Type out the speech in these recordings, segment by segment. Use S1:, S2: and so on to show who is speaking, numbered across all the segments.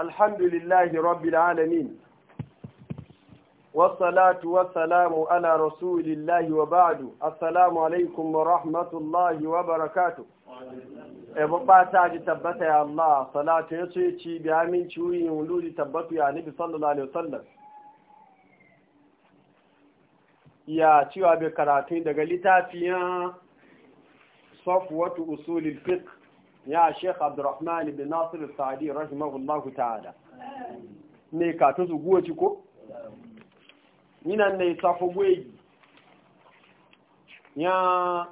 S1: الحمد لله رب العالمين والصلاة والسلام على رسول الله وبعد السلام عليكم ورحمة الله وبركاته Ebubba ta ji tabbata ya Allah, salatu ya ce ci bi amin ciwoyin wuluri tabbatu ya nabi sallallahu Alaihi wasallam. Ya cewa be karatu daga littafiyan safwatu usulil fiqh ya sheikh abdurrahman ibn nasir al-sa'di rahimahullahu ta'ala ne ka to su guwa ko nina ne safo gweji ya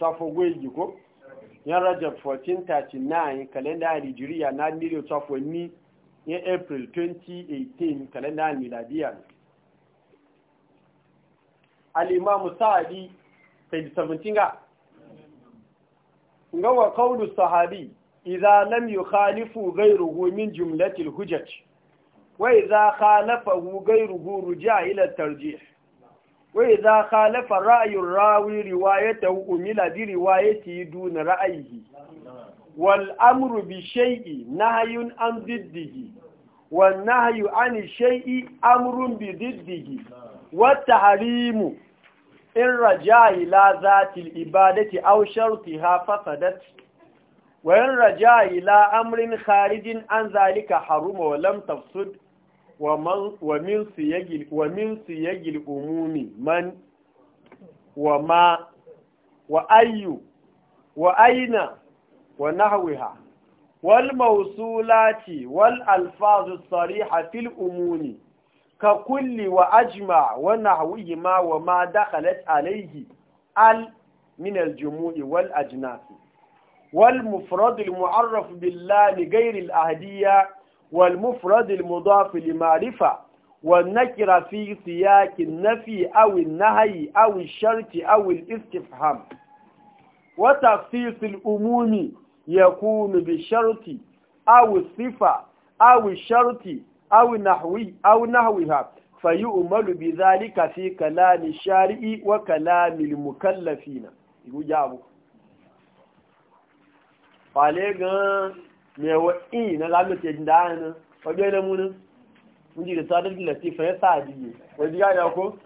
S1: safo gweji ko ya rajab 1439 kalenda hijriya na nilo safo ni ya april 2018 kalenda miladiya al-imam sa'di page gawa wa qawlu sahabi idza lam yukhalifu ghayruhu min jumlati hujjaj hujaj wa idza khalafahu ghayruhu ruja'a ila at-tarjih wa idza khalafa ra'yu ar-rawi riwayatahu umila bi riwayatihi duna ra'yihi wal amru bi shay'in nahyun an diddihi wan nahyu an shay'in amrun bi diddihi wa tahrimu in raja ila zatil ibadati aw shartiha fasadat wa in raja ila amrin kharijin an zalika haruma wa lam tafsud wa man wa min siyagil wa min siyagil umumi man wa ma wa ayyu wa aina wa nahwiha wal mawsulati wal alfazu sariha fil umumi ككل وأجمع ما وما دخلت عليه ال من الجموع والأجناس والمفرد المعرف بالله لغير الأهدية والمفرد المضاف لمعرفة والنكر في سياق النفي أو النهي أو الشرط أو الاستفهام وتخصيص الأموم يكون بالشرط أو الصفة أو الشرط aw nahwi aw nahwiha fayu'malu bi zalika fi kalami shari'i wa kalami mukallafina yujabu fale gan me wa in na lamu te ndana na munu da sadar latifa ya sadi ko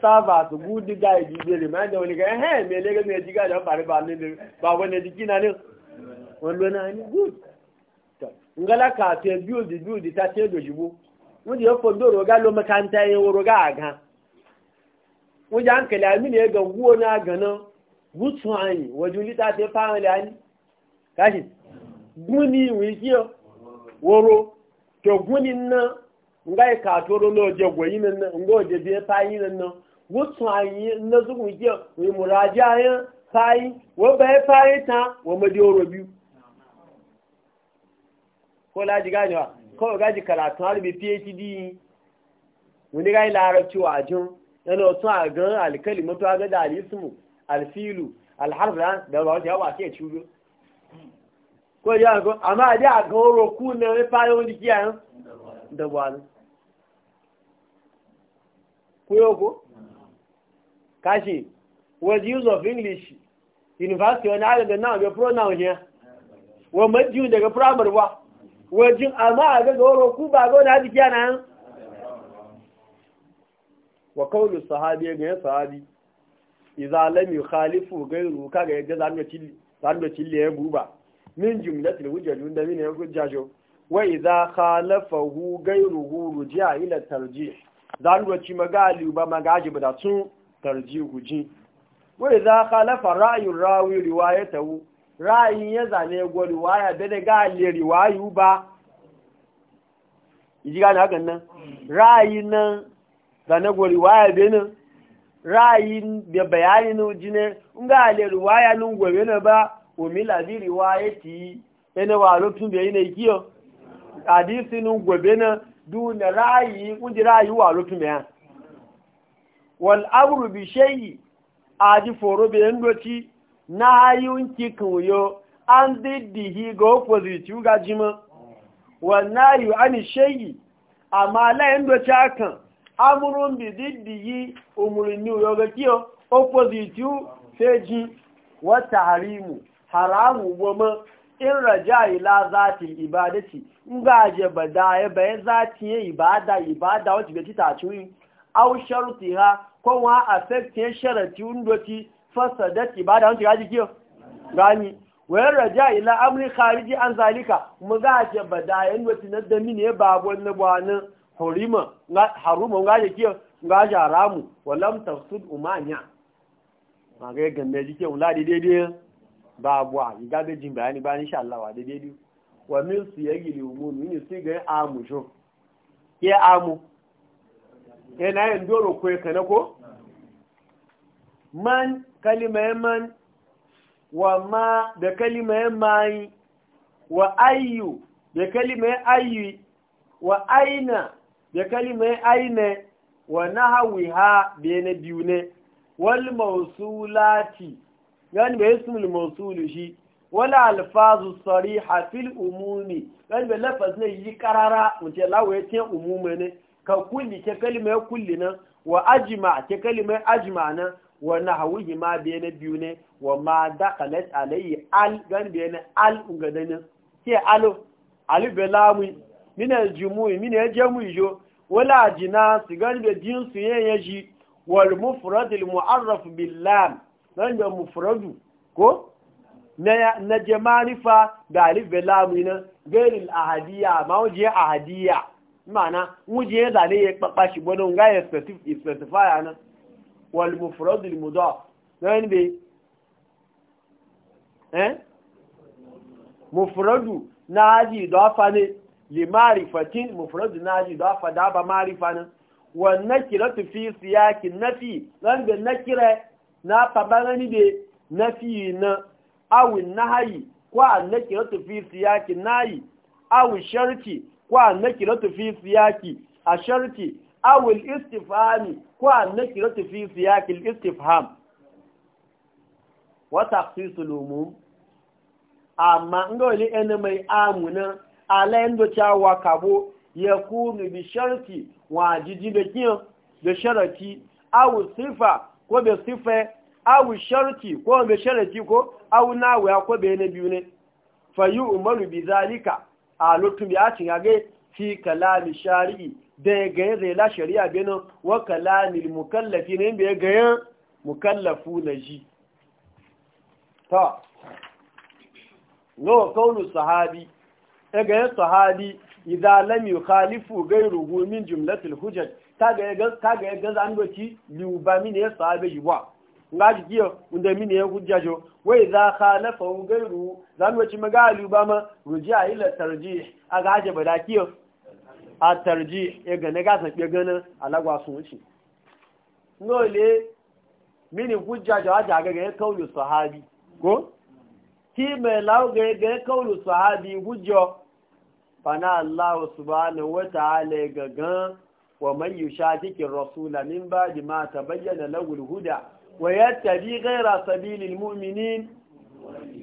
S1: saba su ga wani ga eh me le ga me ngala ka te build build ta te do jibo wudi yo fo do roga lo makanta ye ga aga wudi nke kala ami ne ga wo na ga no gutu anyi wodi li ta te pa le anyi kashi guni wi ki yo woro to guni na ngai ka to ro je yin na ngo je bi pa yin na na zu wi ki muraja ya sai wo be pa ita wo mo di oro biu ko laji ganewa ko gaji karatu har bi phd wani gai larabci wa ajin yana wasu a gan alkali Mutuwa, a da dalismu alfilu alharfa da ba wata yawa ke cudo ko ya ko amma a da ga horo ku ne ne fa yau dikiya yan da wani ku yo ko kashi was use of english university wani ala da na ga pronoun ne wa majiyu daga primary wa wajin amma a ga goro ku ba gona haji kiya nan wa kaulu sahabi ga sahabi idza lam yukhalifu ghayru kaga yadda zanu cilli zanu cilli ya buba min jumlatil wujud da min ya shi. wa idza khalafahu ghayruhu rujia ila tarjih zanu ci magali ba magaji ba da sun tarji guji wa idza khalafa ra'yu rawi riwayatahu ra'ayin ya zane gwa riwaya bene daga aliyar riwayu ba iji gane hakan nan ra'ayin nan zane gwa riwaya benin ra'ayin da bayanin jine in ga aliyar riwaya nun gwa na ba ya bi riwaya ti yana wa lokacin da yi na ikiyo hadisi nun gwa na duna ra'ayi kun ra'ayi wa lokacin da yan wal amru bi shay'i adi foro bi yandoci na yunki kuyo an diddihi ga opposite ga jima wannan yi ani shayi amma layin doce akan amurin bi diddihi umarni yau ga kiyo opposite feji wata harimu haramu goma in raja ila zati ibadati in je ba da ya bayan zatin ibada ibada ibada wacce ga ci tacuyi au sharuti ha kowa affect ya sharati undoti fasadat ibada wancan gaji kiyo gani wayar raja ila amri khariji an zalika mu ga ce badayen wacin na da mini ba wannan bwana horima haruma gaji kiyo gaji haramu walam tafsud umanya ma ga ji jike wala dede ba abuwa ga jin bayani ba insha Allah wa daidai wa min su yagi limun ni su ga amu jo ke amu ke na yin doro ko kana ko man kalima man wa ma da kalima mai wa ayyu da kalimar ayyu wa aina da kalimar aine wa nahawiha da na biyu ne wal mausulati yani bai ismul mausulu shi wala alfazu sariha fil umumi yani bai lafaz ne yi karara mutum lawa ya ce umumi ne ka kulli ke kalimar kulli nan wa ajima ke kalimar ajima nan wa nahwihi ma be na biyu ne wa ma dakalat alayhi al gan be na al ungadanin ke alo ali be lamu min al jumu'i min ya jamu jo wala jina sigan be jinsu yen yaji wal mufrad al mu'arraf bil lam nan da mufradu ko na na jamarifa da ali be lamu na gairil ahadiya ma wuje ahadiya ma'ana wuje zane ya kpakpa gwanon ga ya specify ana والمفرد المضاف نعم بي ها مفرد ناجي ضافه ne limarifatin mufrad naji ضافه da ba marifa ne wannan kiratu fi siyakin nafi nan da nakira na tabarani be nafi na aw nahyi ko annakiratu fi siyakin nayi aw sharti awil kwa ko annakira fi siyaqil istifham wa taqsisul umum amma ngoli ene mai amuna alendo chawa kabo yakunu bi sharti wajiji da kiyo da sharati aw sifa ko be sifa awu sharti ko be sharati ko aw nawa ko be ne biyu ne fayu umaru bi zalika a lutum ya cin age fi kalami shari'i da ya gaya zai la shari'a bena wa kalamil mukallafi ne inda ya gaya mukallafu na ji ta nawa kaunu sahabi ya gaya sahabi idan lam yukhalifu ghayruhu min jumlatil hujaj ta ga ga ta ga ga zan doki liuba min ya sahabi yiwa ngaji kiyo unda min ya hujjajo wa idza khalafa ghayru zan doki magali ba ma rujia ila tarjih aga aje bada kiyo atarji tarji ya e gane gasa ke ganin alagwa sun wuce nole mini hujja da wajen ga ya kaulu sahabi ko ki mai lau ga ya kaulu sahabi hujjo bana Allah subhanahu wa ta'ala ga gan wa man yushatiki rasula min ba'di ma tabayyana lahu huda wa yattabi ghayra sabilil mu'minin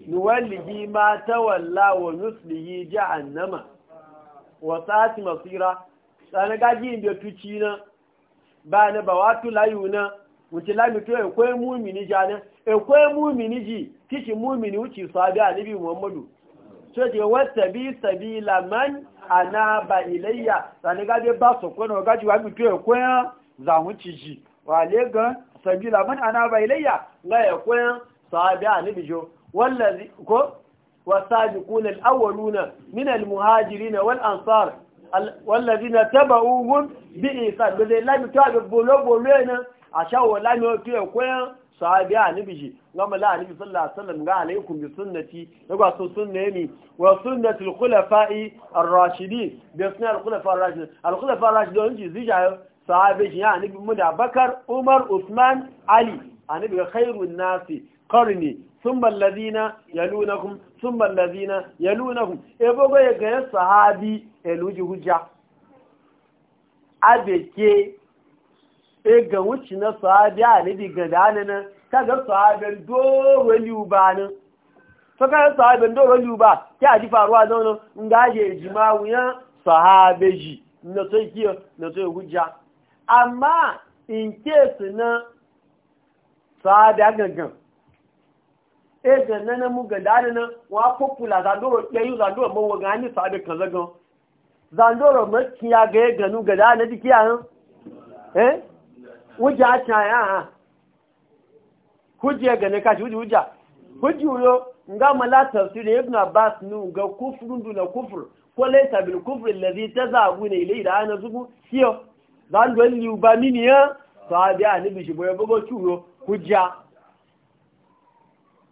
S1: nuwallihi ma tawalla wa nuslihi jahannama wa sa'ati masira sana gaji inda tuci na ba na ba watu layu na wuce lami to e koy mu'mini jana e koy mu'mini ji kici mu'mini wuce sahabi annabi muhammadu so je wata bi laman, ana, ba, ilayya sana gaji ba so ko na gaji wa mi to e koy za wuce ji wa le ga sabila man anaba ilayya ga e koy sahabi annabi jo wallazi ko والسابقون الأولون من المهاجرين والأنصار والذين تبعوهم بإيصال بذي لا يتعب بلو بلونا عشان ولا يتعب كوين صحابي عن بيجي لما نعم لا النبي صلى الله عليه وسلم قال عليكم بسنتي يقع سنة يمي وسنة الخلفاء الراشدين بسنة الخلفاء الراشدين الخلفاء الراشدين يجي زيجا صحابي جي يعني بمدع بكر عمر عثمان علي النبي يعني خير الناس qarni thumma alladhina yalunakum ya alladhina yalunakum e bogo ya ga sahabi eluji hujja abeke e ga wuce na sahabi a ne diga danana ga sahabin doro liubanin ta ga sahabin doro liuba a ji faruwa zaune in gaje jima'uyan sahabeji na sai kiyo na sai hujja amma in kesu na sahabi gangan e ga nana mu ga dare nan wa popular zandoro ya yi zandoro mun wa gani sabe kan zagan zandoro ma kiya ga ya nu ga dare na dikiya han eh wuja ta ya ha hujja ga ne kashi hujja hujja hujja yo nga mala tafsir ibn abbas nu ga kufrun na kufr ko laysa bil kufr alladhi tazabuna ilayhi da ana zubu kiyo zandoro liu ba miniya sahabi ani bi shi boye bugo chuyo hujja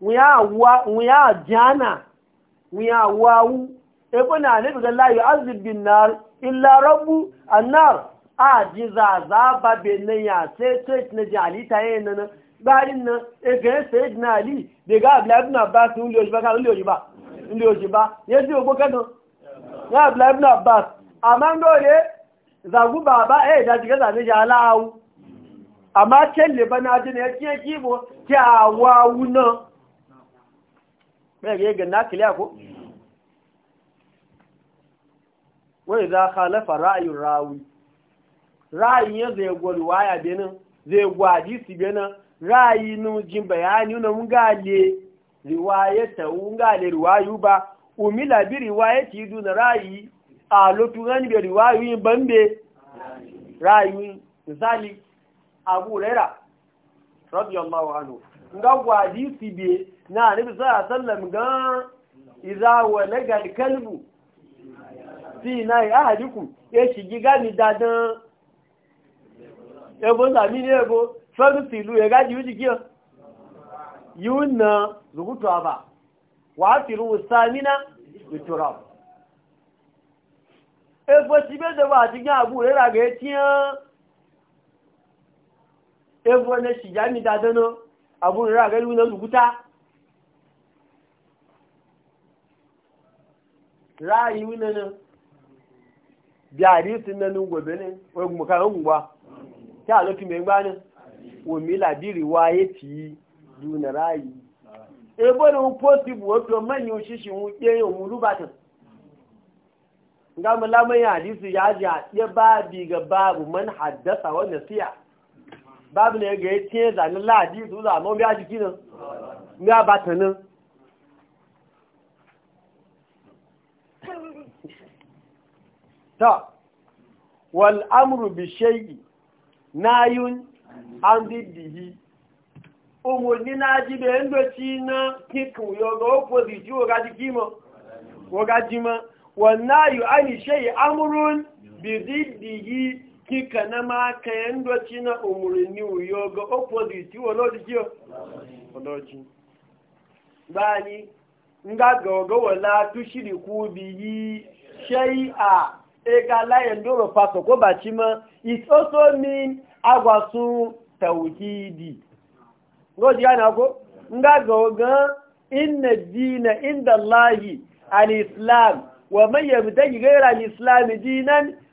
S1: wuya jana wuya wawu ebe na ne daga layu azibin nar illa rabu annar a ji zaza ba benin ya sai tsoci na jali ta yi nan bayanin nan ege ya sai na ali da daga ablaibin abbas ni uliyoji ba kan uliyoji ba uliyoji ba ya ji ogbo kano ya ablaibin abbas amma dole zagu baba eh da jiga zane ji ala'awu amma can leba na jini ya kiye kibo kyawawu nan ɗaya ga na kiliya ko? wai za halafa ra'ayin rawi ra'ayin ya zai gwari waya benin zai gwadi su benin ra'ayi nujin bayani na ngale riwayata ngale riwayu ba umila bi riwayati duna ra'ayi a lotu gani bi riwayu bambe ra'ayi misali abu rera radiyallahu anhu nga gwaji su biye na anabi sa sallam gan iza wa lagal kalbu fi na yi ahadikum ya shigi gani dadan ebo sami ne ebo fẹ́rù silu ya gaji yóò jikiyar yíò na zukutu ba wa fi ruwu samina ìtura ebo si bẹ́ da ba ti abu rẹ̀ raga ya tiyan ebo na shiga mi dadan abu rira ga luna rubuta ra'ayi wuna nan biyari sun nan gobe ne wai mukaran guba ta halittu mai gbanin omi labiri wa ya fi yi luna ra'ayi ebo da mu posibu wato manyan shishin wuƙe yin mu rubatan ga mu lamarin hadisi ya ji a ɗaya babi ga babu man haddasa wani nasiya babu ne ga ya ce zanen ladi su zama biya jiki nan biya bata nan ta wal'amuru bishayi na yun an diddihi umarni na ji da yin doci na kikin yoga opposite yoga jiki ma woga jima wannan yi an ishe yi amurun bi kika na maka ya ndọchi na umarni uyogo opposite olodiji olodiji bani nga gogo wala tushiri yi shay'a egala ya ndoro faso ko bachima it also mean ko nga gogo inna dina inda allahi al-islam wa man yabtaghi ghayra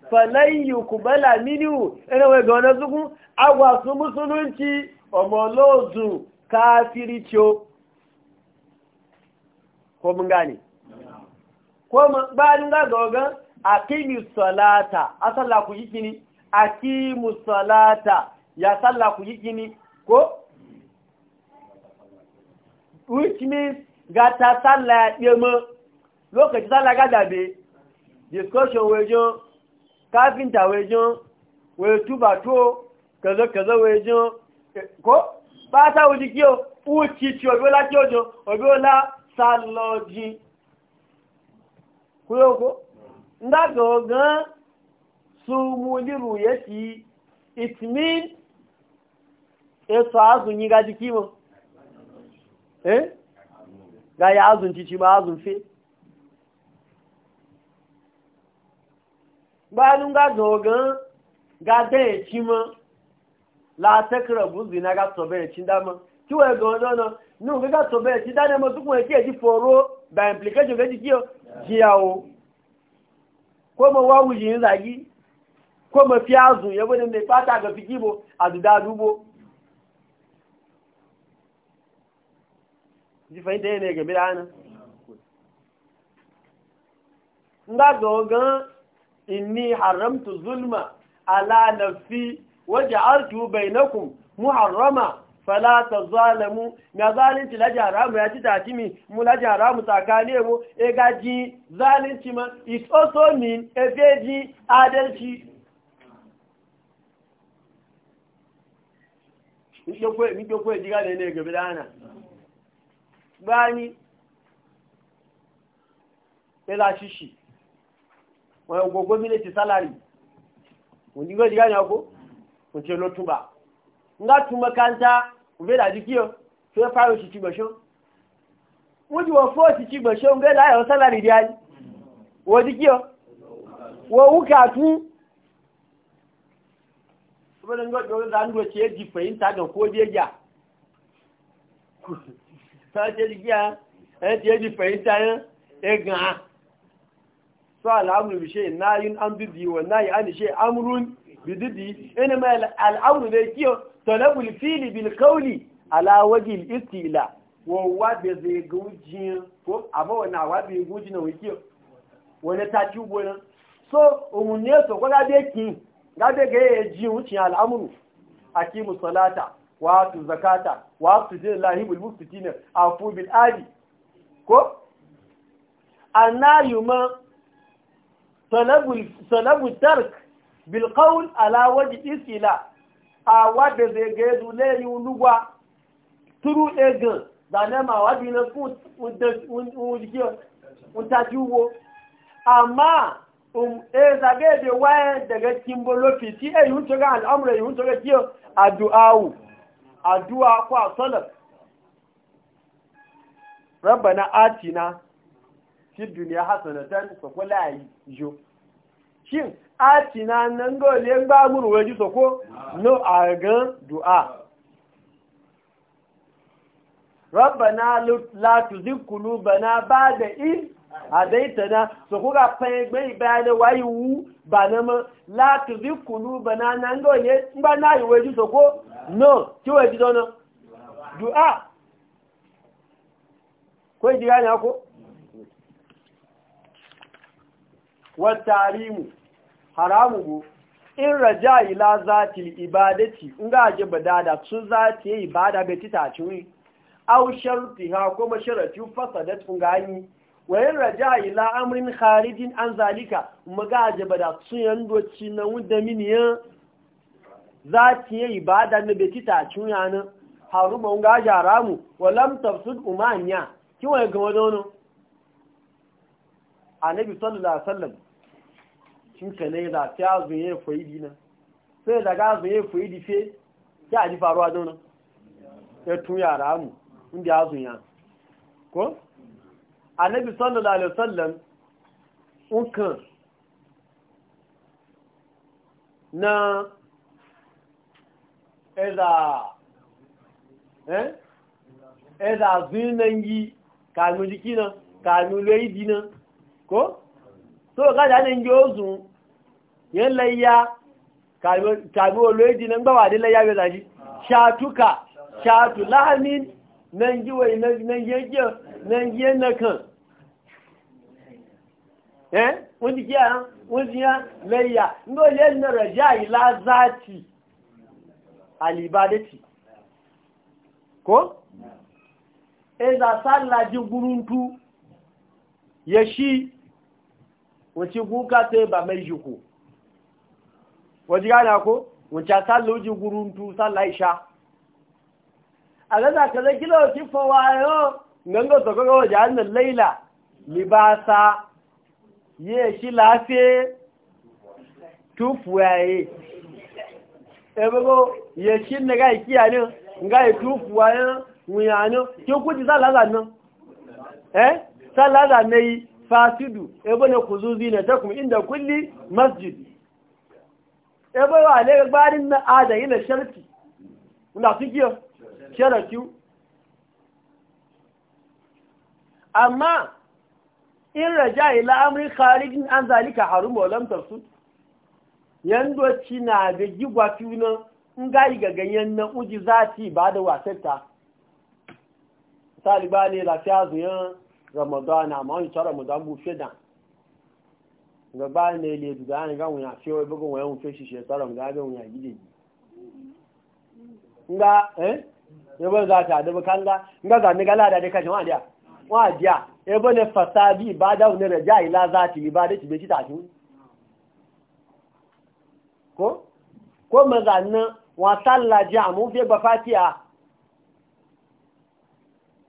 S1: falayi kubala minu ina wee ga wani zugun agwa su musulunci omolozu kafiricho ko mun gane ko bayan ga gogan aqimi salata asalla ku yikini aqimu salata ya salla ku ko which means ga ta salla ya demo lokaci salla ga dabe discussion wejo káfíntà wee wẹ̀túbà wee tuba wẹjọ́ kó pátá wee kí o ó ti ti ọ̀bí ọlá tí ó jọ ọ̀bí ọlá sálọ́jì kúrókó ndágọ̀ gan súnmú lírù yẹ sí ìtìmí ètò azùn yí gajú kí mọ́ eh gaya azun títí bá azun bayan ga zogan ga daya ci ma la ta karabu zina ga ya ci dama ki wa ga wani wani nun ga tobe ci dama masu kuma ya foro da implication ga jiki jiyawo ko ma wawu yin zagi ko ma fiyazu ya wani mai fata ga fikibo a duda dubo bo. nga inni haramtu zulma ala nafsi waj'altu bainakum muharrama fala tazalamu na zalunci laji haramu ya ci tatimi mu laji haramu tsakane mu e gaji zalunci ma it also mean e gaji adalci e ni ko ko diga ne ne gabe dana bani wọ́n gbogbo mílẹ̀tì sálárì òní gbọ́dì gáyà ọkọ́ kò ló túnbà ńgá túnbà káńtá òbẹ́dàdí kí o tí ó fáró sí tìgbẹ̀ṣọ́ wọ́n ti wọ́n fọ́ sí tìgbẹ̀ṣọ́ ń gẹ́lá ẹ̀rọ sálárì rí ayé wọ́n di kí o wọ́n wú kàtún ọbẹ̀dẹ̀ ńgọ́dì ọdún dáńdú ọ̀tí ẹ̀ di fẹ̀yìn tàgàn kó dé jà sáà ti ẹ̀ e di fẹ̀yìn tàgàn ẹ̀ so al'amuru bi shay nayin an didi wa nayi an shay amrun bi didi ina ma al'amru da kiyo talabul fili bil qawli ala wajhi al istila wa wa da zai guji ko amma wani awa bi guji na wikiyo wani ta ci nan? so umunne so ko gabe ki gabe ga yaji wucin al'amuru akimu salata wa su zakata wa su lillahi bil muqtitina a bil Ali, ko annayu ma talabu tark bil qawl ala waji istila a wadda zai ga yadu ne yi lugwa turu egan da ne ma na kun untaci ugbo amma um e zage da waye daga cikin bolofi ti e yun tura al'amura yun tura kiyo addu'awu addu'a ko a salat rabbana atina fi duniya hasanatan soko ko la yo shin a tina nan go le gba guru weji so ko no agan du'a rabbana la tuzigh qulubana ba'da da hadaitana na soko ga pe gbe ibane wayi wu ba na tuzigh qulubana nan go le ngba na weji so soko no ti weji dono du'a ko ji ga ko watarimu haramu go, in raja ila zati ibadati in ga ji badada su zati yi ibada bai ti taci wi aw shartiha ko sharati fasadat kun gani wa in raja ila amrin kharijin an zalika mu ga ji bada su yando ci na wanda miniya zati yi ibada ne bai ti taci wi anan haruma un ga haramu wa lam tafsud umanya kiwa ga wadono annabi sallallahu alaihi wasallam shi ka ne da ta zuye faidi nan sai da ga zuye faidi fe ya ji faruwa don nan ya tun yara mu inda ya ko annabi sallallahu alaihi wasallam unkan na ẹ̀dà eh, ẹ̀dà eh, eh, zuyin nan yi kanu jiki nan kanu lóyi di nan ko so kájà ní njẹ́ oṣù yẹn lẹ́yà tàbí olóyìí ní gbàwà dé lẹ́yà yóò dájí ṣàtúkà ṣàtù láàmì nàíjíwẹ̀ nàíjíẹ̀ nàíjíẹ̀ nìkan ẹ́ wọ́n ti kí àwọn wọ́n ti yán lẹ́yà ní olè ní na jẹ́ àìlá zati alibadeti ko? ẹ̀zà e ji gúrúntú ya shi. wọ́n gúkà tẹ́ ba mai juku? jí gánà kó wọ́n cha sálà guruntu jí gúrú ń tú sálà ìṣá àgbẹ́sà kẹlẹ́ kí lọ́ọ̀ tí fọ́ wa yọ́ ngangọ́ sọ̀kọ́kọ́ ọjà libasa yé ṣí láàfẹ́ túfù ẹ̀yẹ ẹgbẹ́gbọ́ yé ṣí nẹ́gá ìkí àní nga ìtúfù ẹ̀yẹ wùnyàní tí ó kú ti sálà zànà ẹ́ fasidu ku zuzi na takum inda kulli masjid ebe wa le gbarin na ada ila sharti una fikiyo sharati amma in raja ila amri kharijin an zalika harum wa lam tafsud yando china da gigwa tuna in ga yi gaganyen na uji zati ba da wasanta taliba ne fiazu zuyan ramadan àmọ́ ta ramadan bú fẹ́dà gbogbo ní ilé ìdùgbà ní káwọn èèyàn fi ọwọ́ gbogbo wọn fẹ́ ṣiṣẹ́ sọ́rọ̀ nígbà bí òun àjíjẹ yìí ńgbà ẹ́ ẹbọ́ ní láti àdébọ́ nga ńgbà gbà nígbà láàdá dé káṣẹ wọ́n àdíà wọ́n àdíà ẹbọ́ ní fàṣà bí ìbádá òun za jáì yi ba da ti gbé títà sí kó kó mọ̀gà ná wọn sálàjì àmúfẹ́ gbafá tí a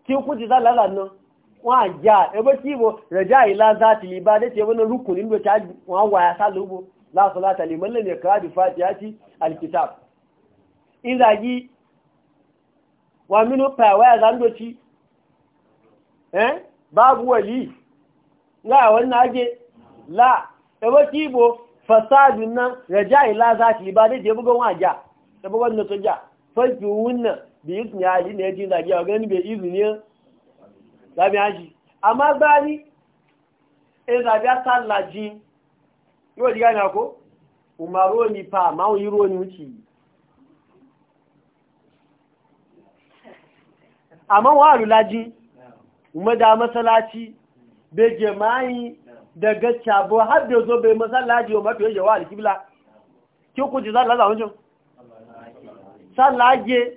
S1: kí ó kú ti sálàlà náà wa ja ebe ti bo raja ila zati li ba da ce wani rukunin da ta wa waya salubo la salata liman lam yakra bi fatihati alkitab in zagi wa minu pa waya zandoci eh babu wali ga wannan age la ebe ti bo fasadun nan raja da ce da na soja a ganin bai izini lábí ájì a máa gbá ní ẹzàbí àtàlàjí yóò dígá ní àkó umaru ní pa máa yíró ní wùkì àmọ́ wọ́n àrùlájí umada masalaci bai jama'i da gacha daga har da zo bai masallaci wa mafi yawa ki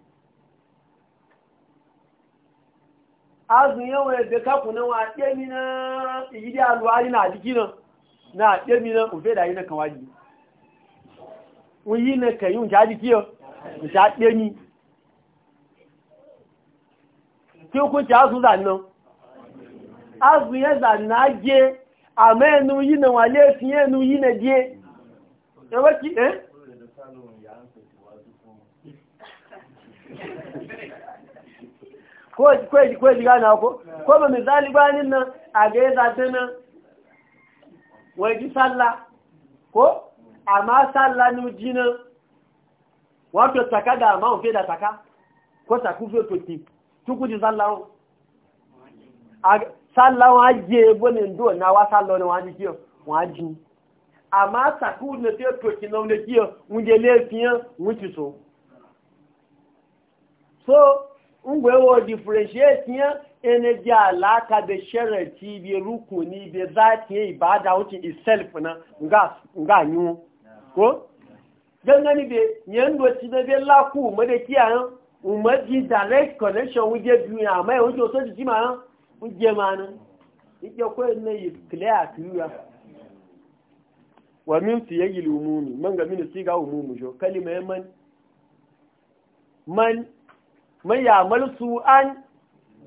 S1: azun yawan yadda kaku na wa ɗemi na igidi aluwari na jiki nan na ɗemi na ufe da yi na kawaji uyi na kayi unca jiki yau unca ɗemi tí ó kún tí azun zannan azun yẹ zannan jẹ àmọ́ ẹnu yí na wà lé fi na yí na jẹ ẹwọ́ kí ẹ́ ko ji gane ko ko ba misali banin nan a ga ya zaɗe nan salla ko amma salla ni ji nan wato taka da ma ofe da taka ko tuku ji salla salla wọn ajiye ndo na wa salla wọn ajiye kiyo wọn ajiye amma ne fiye toti na wọn kiyo wọn je lefiyan wọn so ngwe wo differentiate yin energy alaka da sharati bi rukuni bi zati e ibada wuce itself na nga nga nyu ko gangani be yen ti be la ku mo de ki an mo di direct connection e, o ma je ma na ije ko ne is clear to you wa min siyagil umumi man ga min siga umumu jo kalima e man man man su an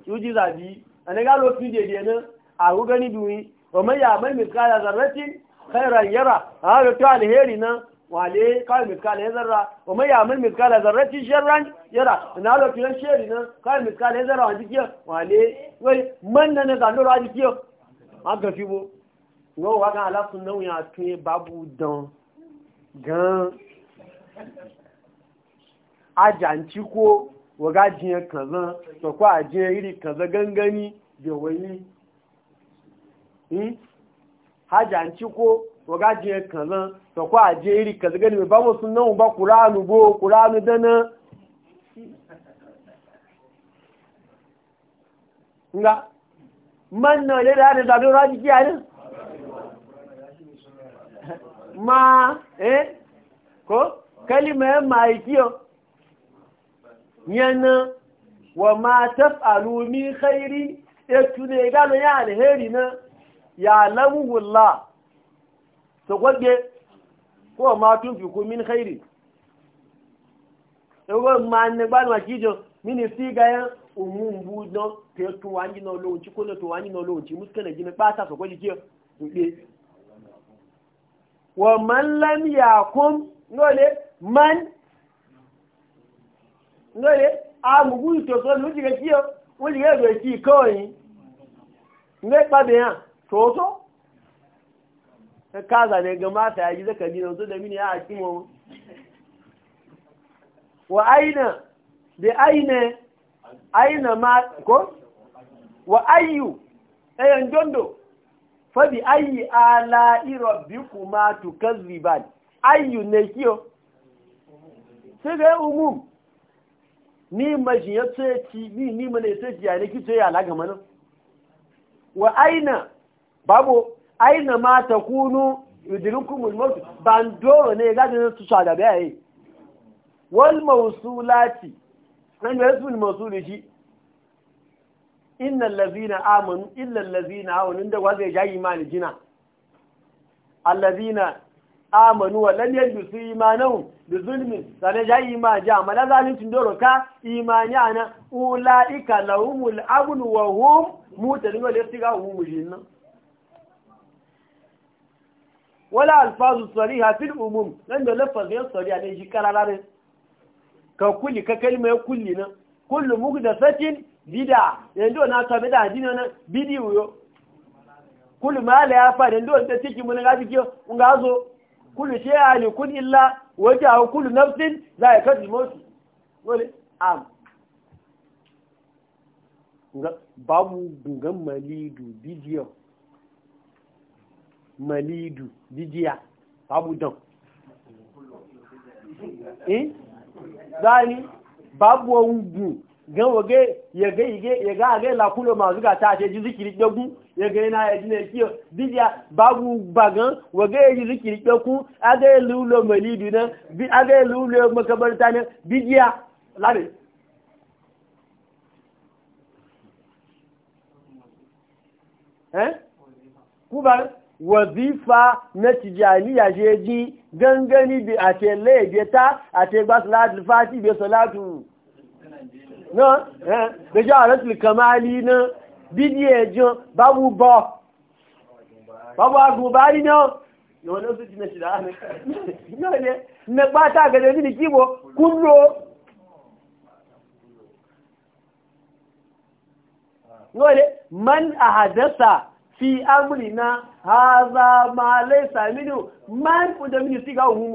S1: yuji zabi an ga lo fi dede na? a ku gani duwi wa man ya'mal mithqala dharratin khairan yara ha to alheri na? wale kawai miskala ya zarra wa mai yamin miskala zarraci sharran yara na lokacin sheri na kawai miskala ya zarra wani kiyar wale wai man na na zanen wani kiyar an ka fi bo yau wa kan alasun nan ya tun babu don gan ajanci ko waga jiyan kaza to kwa a iri kaza gangani da wani hmm hajanci ko waga jiyan kaza to kwa a iri kaza gani ba sun sunan ba kuranu bo kuranu dana nga man na le da da da raji ki ani ma eh ko kalima mai kiyo yana wa ma taf'alu min khairi etune galo ya alheri na ya lamu wallah to gwaje ko ma tun fi ku min khairi ego ma ne gba ma kijo mini e si ga ya umu mbu do te tu wanji no lo chi ko lo tu wanji no lo chi muskana ji me pa ta so gwaje kiyo wa man lam yakum ngole man ngole a mugu to so lu jiga kiyo wo jiga do ki ko ne pa de ya to e ka za ne ga mata ya zaka ji to da mini ya a kimo wa aina de aina aina ma ko wa ayu ayan dondo fa bi ayi ala rabbikuma tukazziban ayu ne kiyo sai ga umum ni mashi ya tsoyaci ni ni mana ya tsoyaci yana ki tsoya alaga mana wa aina babu aina ma ta kunu idirinku mulmautu ba n doro ne ga da su sa da bayaye wal mausulati an ga rasul mausuli shi innal ladina amanu illal ladina awanu da wa zai jayi mali jina allazina amanu wa lam su imanahum da zulmin sare ja ima ja mala tun doro ka imani ana ulaika lahumul abun wa hum mutadin wal istiga hum mujinna wala alfazu sariha fil umum dan da lafazi sariha ne shi ne ka kulli ka kalma ya kulli na kullu muhdathatin bid'a yanzu na ta bid'a dinin na bidiyo kullu ma la ya fa dan do ta ciki mun ga ciki un ga zo kullu shay alikun illa wajahu kullu nafsin zaikatul maut wale am babu gungan malidu bidiyo malidu bidiya babu don eh zani babu ogun gan wage ya ga ige ya ga ga la kulo ma zuga ta ce zikiri dogu ya ga na ya dine kiyo bidiya babu bagan wage ya zikiri dogu aga lulo malidu na bi aga lulo makabarta ne bidiya labe eh kubar wazifa na tijaniya je ji gangani bi a ce laibe ta a ce ba salatu fati bi salatu na gbèjọ́ ààrẹ tí kàn máa bí ní ẹjọ́ bá bọ́ bọ́bọ́ agbò náà yíò man àhàdẹ́sà fi amúrìnà ha za ma lẹ́sà nínú man fún domini sí gáhùn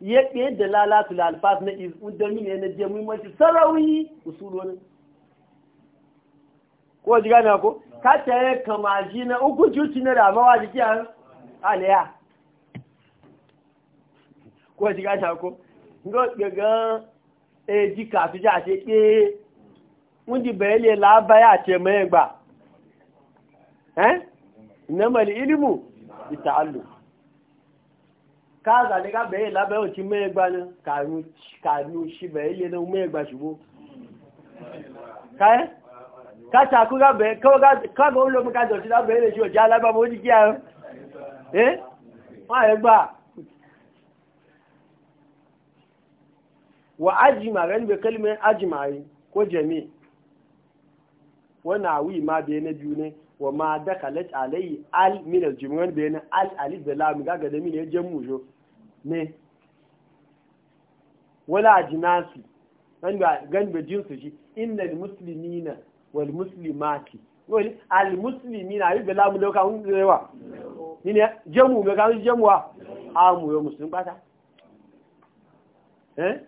S1: ya ɗaya da lalatu da na izun don yin yana je muhimmanci sarauni usulonin ko ji gane ko ka tsaye kamaji na uku cuci na ramawa jiki a alaya ko ji gane ko ngo gaga e ji ka fi ja se pe mun di bele la ba gba eh namal ilmu bi ta'allum káàzà ní kábẹ̀ẹ́ lábẹ́ òtí mẹ́ẹ̀gbá ní kàánú ṣíbẹ̀ ilé ní mẹ́ẹ̀gbá ṣùgbó káẹ́ káàkù rábẹ̀ káàkù olómi káàkù sí lábẹ̀ ilé ṣe alábàmọ́ ó ní kí àrùn ẹ́ wọ́n àyẹ́gbà wà ájìmà bí ní wọ́n máa dákàlẹ̀ àlẹ́yìn al-minal jùmọ́ bẹ́ẹ̀ ní al-alif bẹ̀lá mi gágàdẹ́mí ní ẹjẹ́ mú yóò ne wala jinasi gan da jinsu shi innal muslimina wal muslimati wani al muslimina yi bala mu lauka hun rewa ni ne jamu ga kan jamuwa a mu yo muslim bata eh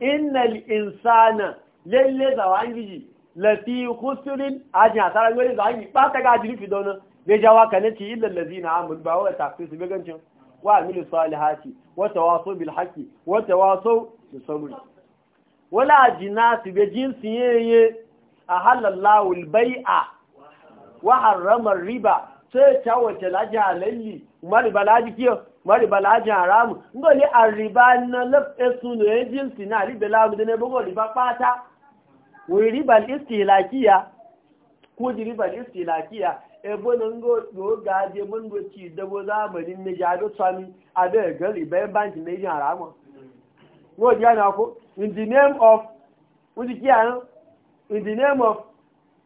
S1: innal insana lalle zawangiji lafi khusrin ajin asara gori zawangi bata ga jiri fidona bai jawa kanaci illal ladina amul ba wa su bi gancin wa amilu salihati wa tawasaw bil haqqi wa tawasaw bis sabr wala jinasi be jinsi yeye ahallallahu al bai'a wa harrama riba sai ta wace laji halalli mari balaji kiyo mari balaji haramu ngoli arriba na lafe sunu ya e jinsi na riba lagu da ne bugo riba fata W'i riba istilakiya ko riba istilakiya ebo na ngo go dabo zamani ne ja do sami abe gari be banki ne yin harama wo ja na in the name of in the name of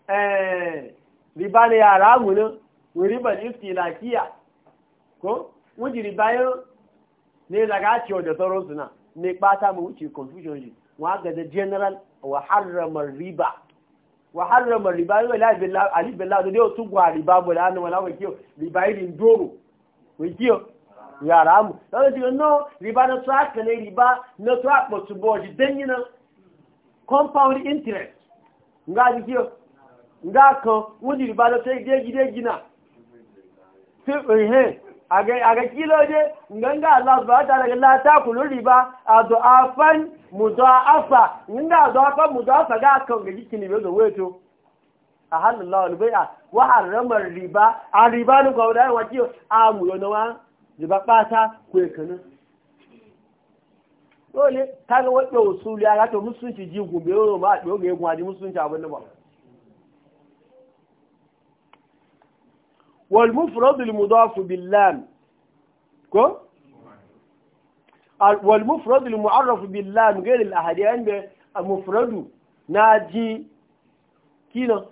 S1: eh riba ne haramu ne wo riba ko wudi riba yo ne daga ci o suna ne pata confusion ji wa ga general wa riba wa harrama riba wala billahi alif billahi dole tun gwa riba bola an wala wakiyo riba irin doro wakiyo ya ramu dan ji no riba na track ne riba na track mo tu boji denyi na compound interest nga dikiyo nga kan wudi riba na sai gege gina a ga kilo ne nganga Allah subhanahu wa ta'ala la ta kulu riba a adu'afan mudha'afa nganga adu'afan mudha'afa ga kan ga jiki ne bezo weto a hannun lawal bai'a wa haramar riba a riba ni ko da wa kiyo a mu yo nawa riba bata ko ekana dole kaga wadda usuli ya to musunci ji gumbe yo ma doge gwaji musunci abin da ba والمفرد المضاف باللام كو والمفرد المعرف باللام غير الأحديان المفرد ناجي كينا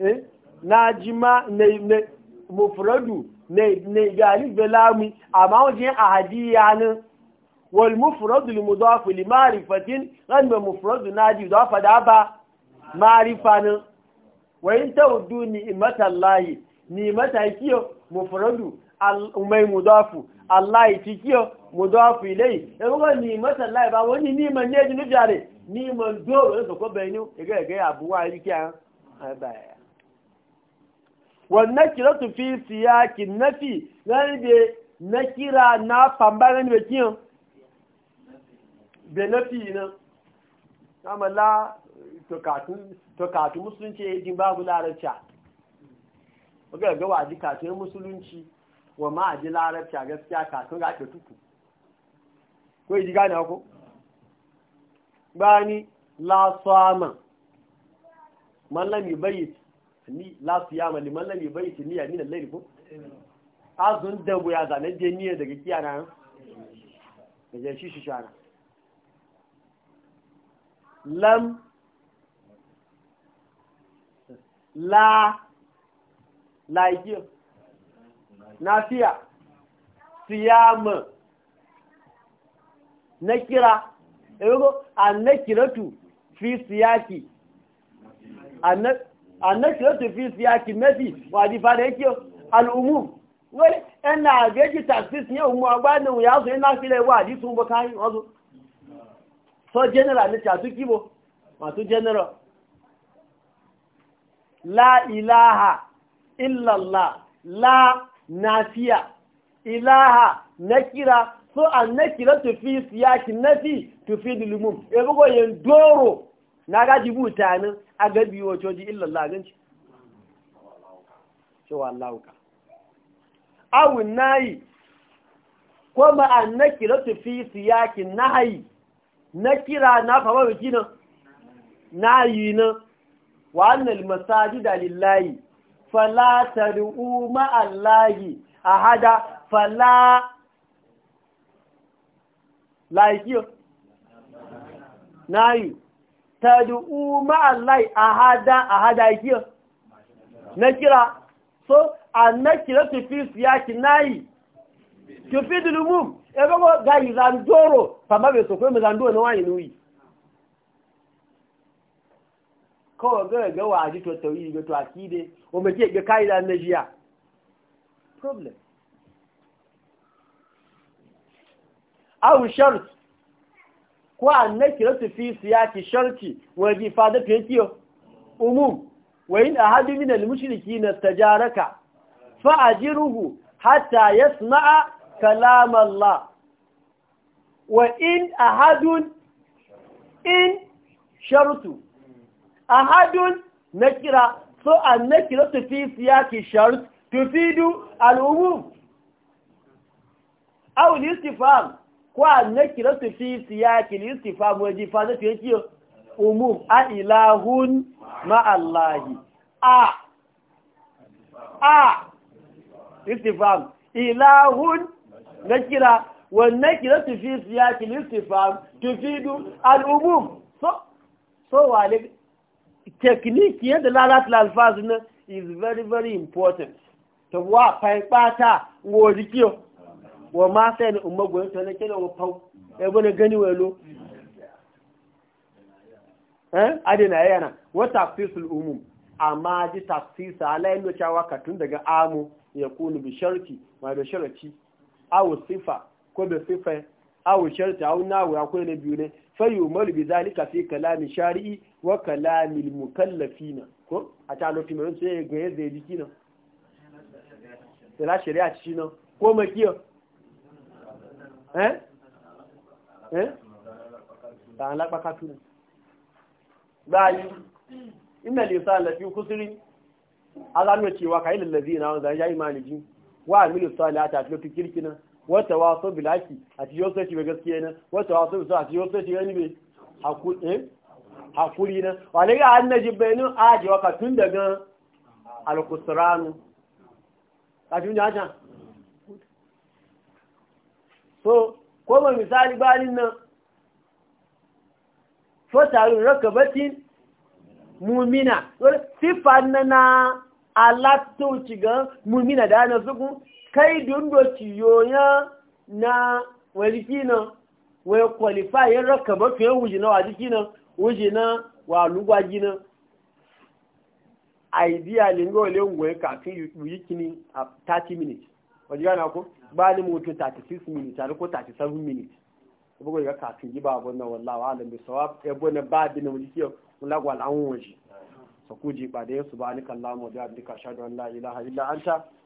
S1: إيه ناجما مفرد نيجالي بلامي أما وجه أحديان والمفرد المضاف لمعرفة غير مفرد ناجي يضاف دابا معرفة wa taudu tawdu ni'matallahi ni'mata kiyo mufradu umai mudafu Allah ti kiyo mudafu ilai e ko ni'matallahi ba woni ni man ne ni jare ni man do e so ko e e be ni e ga ga abuwa ri kiya ba wannan kiratu fi siyakin nafi zai be na kira na be da be nafi na kama to katun to katu musulunci ya yi babu larabca ga gawa ji ya musulunci wa ma a ji larabca gaskiya katu ga ake tuku ko yi ji gane ko bani la mallami bayyit ni la siyama ni mallami bayyit ni ya nina al-layl ko azun dabu ya zane je ni daga kiyana da je shi shi shana lam la laiki nafiya siyama nakira ego annakiratu fi siyaki annakiratu fi siyaki nafi wadi fara yake al'umum wani ina gaji taxis ne umu agbanin ya zo ina so general kibo general la ilaha illallah la nafiya ilaha nakira so an nakira tufi siyakin fi tufi dilumum ya e bugo yin doro na gaji mutanen a gabi wato ji illallah ganci cewa Allah ka awun nayi ko ma an nakira tufi siyakin na nakira na fama bikinan nayi na. wa annal masajida lillahi fala tad'u ma'allahi ahada fala laikiyo nayu tad'u ma'allahi ahada ahada Na kira so a na annakira fi siyaki nayi tufidul umum ebe go gayi zandoro pamabe so ko me zandoro no wayi nuyi kawai ga ga waji to tauhidi ga to akide o ke ga kaida na jiya problem aw shart ko annaki rasu fi siyaki sharti waji fada to yake umum wa in ahadu min al mushrikin istajaraka fa ajiruhu hatta yasma'a kalam Allah wa in ahadun in shartu ahadun nakira so an nakira tu fi siyaki shart tufidu al'umum aw listifam ko an nakira tu fi siyaki listifam waje fa zai yake umum a ilahun ma allahi a a listifam ilahun nakira والنكرة في سياق الاستفهام تفيد العموم صو صو عليك technique yadda lalata alfazu na is very very important ta wa faipata wo rikiyo wa ma se ni umma goyon ta na kila wa fau ya e gwana gani wa lo eh adina yana wa tafsisul umum amma ji tafsisa ala yin wa katun daga amu ya kunu bi sharti ma da sharati awu sifa ko da sifa awu sharti awu nawu akwai na biyu ne fayyumar bi zalika fi kalamin shari'i wa kalamin mukallafina ko a ta lokaci mai sai ya gaya zai jiki nan shari'a ci nan ko makiyo eh eh ta halaka kafi nan bayi inna lisan lafi kusuri a zanuwa cewa ka yi lallazi na wanda ya yi maliji wa amilu salata fi kirkina wata waso bilaki a cikin wasu ci gaskiya ne wata waso bisa a cikin wasu ci gani bai hakuri eh? nan wani ga an naji aji waka tun daga alkusranu a cikin jajan so koma misali bayanin nan fotarun rakabatin mumina siffa na na alatu ga mumina da ana zugu kai dundo ciyoya na wani kina wai kwalifa yin raka mafi yin wujina wa jiki na wujina wa lugwa gina idea lingo le ngwe kafin yi kini a uh, 30 minutes wajen gana ku ba ni mutu 36 minutes a ko 37 minutes bugu ga kafin yi ba abun nan wallahi alam bi sawab e bona ba bi na wujiki wala gwal an wuji sakuji ba da yasu ba ni kallahu wa bi shadu an la ilaha illa anta